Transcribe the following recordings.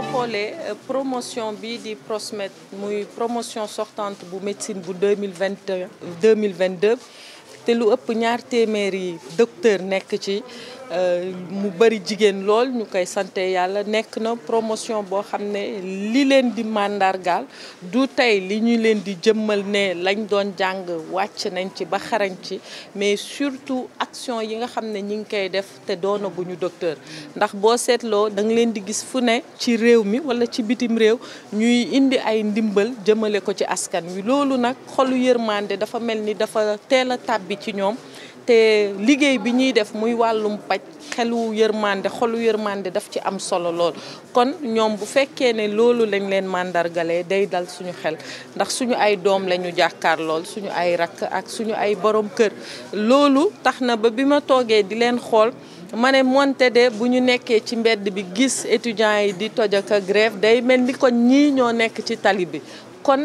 boo xoolee euh, promotion bii di Prosmed muy promotion sortante bu médecine bu deux mille vingt deux mille vingt deux te lu ëpp ñaar téeméeri docteur nekk ci. Euh, mu bëri jigéen lool ñu koy sante yàlla nekk na promotion boo xam ne li leen di màndargaal du tey li ñu leen di jëmmal ne lañ doon jàng wàcc nañ ci ba xarañ ci mais surtout action yi nga xam ne ñi ngi koy def te doona bu ñu docteur ndax boo seetloo da nga leen di gis fu ne ci réew mi wala ci bitim réew ñuy indi ay ndimbal jëmale ko ci askan wi loolu nag xolu yërmande dafa mel ni dafa teel a tàbbi ci ñoom te liggéey bi ñuy def muy wàllum paj xelu yërmande xolu yërmande daf ci am solo lool kon ñoom bu fekkee ne loolu lañ leen màndargale day dal suñu xel ndax suñu ay doom la ñu jàkkaar lool suñu ay rakk ak suñu ay borom kër loolu tax na ba bi ma toogee di leen xool ma ne monte de bu ñu nekkee ci mbedd bi gis étudiants yi di toj ak day mel ni kon ñii ñoo nekk ci tali bi kon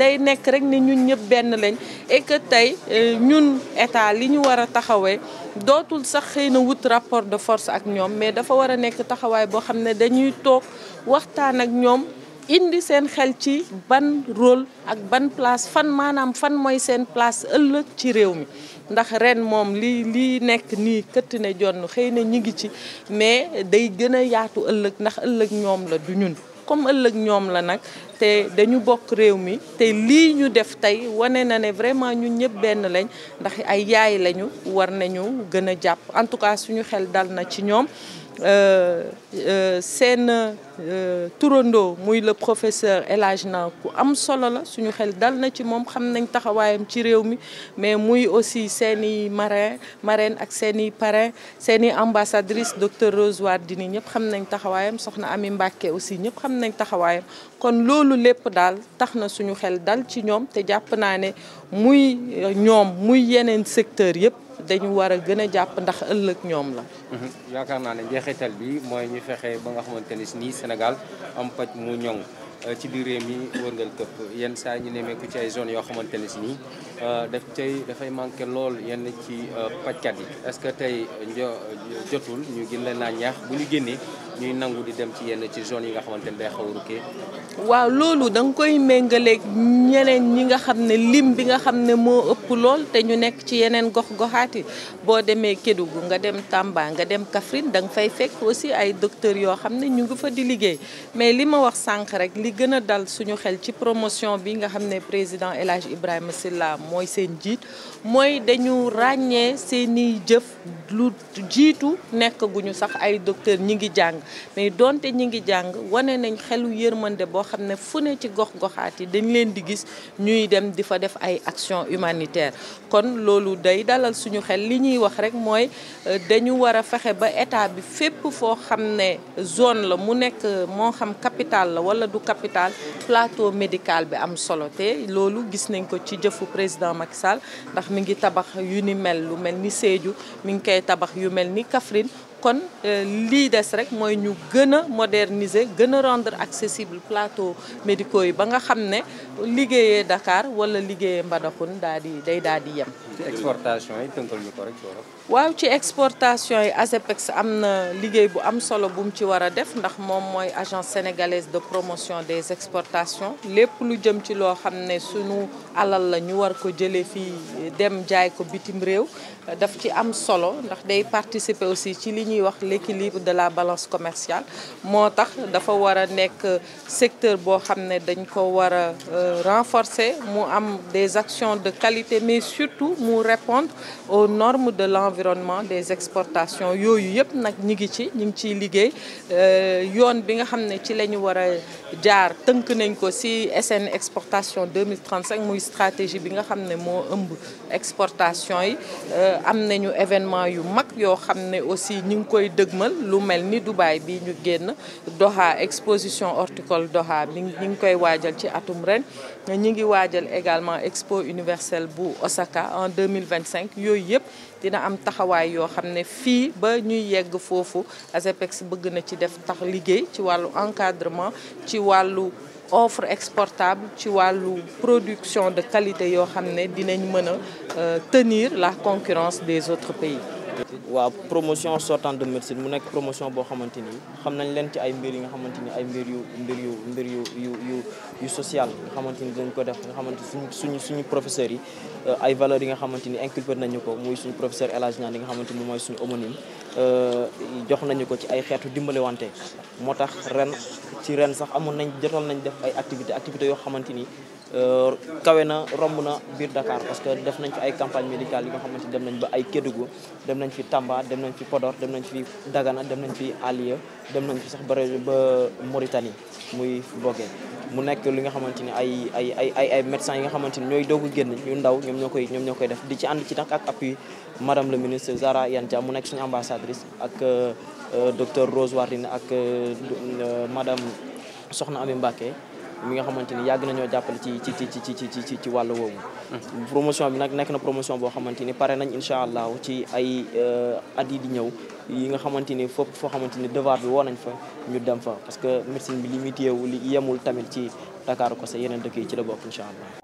day nekk rek ne ñun ñëpp benn lañ et que tey euh, ñun état li ñu war a taxawee dootul sax xëy na wut rapport de force ak ñoom mais dafa war a nekk taxawaay boo xam ne dañuy toog waxtaan ak ñoom indi seen xel ci ban rôle ak ban place fan maanaam fan mooy seen place ëllëg ci réew mi ndax ren moom li lii nekk nii këtt ne jonn xëy na ñu ngi ci mais day gën a yaatu ëllëg ndax ëllëg ñoom la du ñun comme ëllëg ñoom la nag te dañu bokk réew mi te lii ñu def tey wane na ne vraiment ñu ñëpp benn lañ ndax ay yaay lañu war nañu gën a jàpp en tout cas suñu xel dal na ci ñoom euh, euh, seen euh, turandoo muy le professeur El Hadj na ku am solo la suñu xel dal na ci moom xam nañ taxawaayam ci réew mi mais muy aussi seen i marin ak seen i parrain seen i ambassadrice docteur Rose Wardini ñëpp xam nañ taxawaayam soxna Ami Mbacke aussi ñëpp xam nañ taxawaayam kon loolu loolu lépp daal tax na suñu xel dal ci ñoom te jàpp naa ne muy ñoom muy yeneen secteur yëpp dañu war a gën a jàpp ndax ëllëg ñoom la. Mhm. yaakaar naa ne njeexital bi mooy ñu fexe ba nga xamante ne nii Sénégal am paj mu ñoŋ. Euh, ci biir réew mi wërngal këpp yenn saa ñu nemmeeku ci ay zone yoo xamante ne si nii euh, daf tey dafay manqué lool yenn ci euh, pajkat yi est-ce que tey jotul ñu gën leen a ñaax bu ñu génnee. ñuy nangu di dem ci yenn ci zone yi nga xamante ne day xaw a waaw loolu danga koy méngaleeg ñeneen ñi nga xam ne lim bi nga xam ne moo ëpp lool te ñu nekk ci yeneen gox-goxaat yi boo demee Kédougou nga dem Tamba nga dem Kaffrine danga nga fay fekk aussi ay docteurs yoo xam ne ñu ngi fa di liggéey mais li ma wax sànq rek li gën a dal suñu xel ci promotion bi nga xam ne président El Hadj Ibrahima Silla mooy seen jiit mooy dañu ràññee seeni jëf lu jiitu nekk sax ay docteurs ñi ngi jàng. mais donte ñi ngi jàng wane nañ xelu yërmande boo xam ne fu ne ci gox-goxaat yi dañ leen di gis ñuy dem di fa def ay action humanitaire kon loolu day dalal suñu xel li ñuy wax rek mooy euh, dañu war a fexe ba état bi fépp foo xam ne zone la mu nekk euh, moo xam capital la wala du capital plateau médical bi am solo te loolu gis nañ ko ci jëfu président Macky Sall ndax mi ngi tabax yu ni mel lu mel ni seeju mi ngi koy tabax yu mel ni Kaffrine kon euh, lii des rek mooy ñu gën a moderniser gën a rendre accessible plateau médicaux yi ba nga xam ne liggéeyee dakaar wala liggéeyee Mbadakhoune daa di day daa di yem. ci yi waaw ci exportation yi ASEPEX am na liggéey bu am solo bu mu ci war a def ndax moom mooy agence sénégalaise de promotion des exportations lépp lu jëm ci loo xam ne sunu alal la ñu war ko jëlee fii dem jaay ko bitim réew daf ci am solo ndax day participer aussi ci li ñuy wax l'équilibre de la balance commerciale moo tax dafa war a nekk secteur boo xam ne dañ ko war a euh, renforcer mu am des actions de qualité mais surtout mu répondre au norme de l'environnement des exportations yooyu yëpp nag ñi ngi ci ñi ngi ciy liggéey euh, yoon bi nga xam ne ci la ñu war a jaar tënk nañ ko ci SN exportation 2035 muy stratégie bi nga xam ne moo ëmb exportation yi euh, am nañu événement yu mag yoo xam ne aussi ngi koy dëgmal lu mel ni Dubaï bi ñu génn doxa exposition horticole doxa bi ñu ngi koy waajal ci atum ren ñi ngi waajal également expo universelle bu Osaka en 2025 yooyu yëpp dina am taxawaay yoo xam ne fii ba ñuy yegg foofu ASEPEX bëgg na ci def tax liggéey ci wàllu encadrement ci wàllu offre exportable ci wàllu production de qualité yoo xam ne dinañ mën a euh, tenir la concurrence des autres pays waaw promotion sortante de médecine mu nekk promotion boo xamante ni xam nañ leen ci ay mbir yi nga xamante ni ay mbir yu mbir yu mbir yu yu yu yu social nga xamante ni dañ ko def nga xamante suñ suñu suñu professeurs yi euh, ay valeurs yi nga xamante ni inculper nañu ko muy suñu professeur El Hadj Niane yi nga xamante ni mooy suñu homonyme euh, jox nañu ko ci ay xeetu dimbale wante moo tax ren ci ren sax amoon nañ jotoon nañ def ay activité activités yoo xamante ni Euh, kawe na romb na biir Dakar parce que def nañ fi ay campagne médicale yi nga xamante dem nañ ba ay Kédougou dem nañ fi Tamba dem nañ fi Podor dem nañ fi Dagana dem nañ fi Alieu dem nañ fi sax ba ba Mauritanie muy Bogué mu nekk li nga xamante ni ay ay ay ay ay médecins yi nga xamante ni ñooy doogu génn ñu ndaw ñoom ñoo koy ñoom ñoo koy def di ci ànd ci nag ak appui madame le ministre Zahra Iyane Dia mu nekk suñu ambassadrice ak euh, docteur Rose Wardini ak euh, madame Soxna Ami Mbacké mi nga xamante ni yàgg nañoo jàppale ci ci ci ci ci ci ci wàll woowu. Hmm. promotion bi nag nekk na promotion boo xamante ni pare nañ incha allah ci ay euh, at yi di ñëw yi nga xamante ni fépp foo xamante ni devoir bi woo nañ fa ñu dem fa parce que médecine bi limité wul li yemul tamit ci Dakar ko sa yeneen dëkk yi ci la bokk incha allah.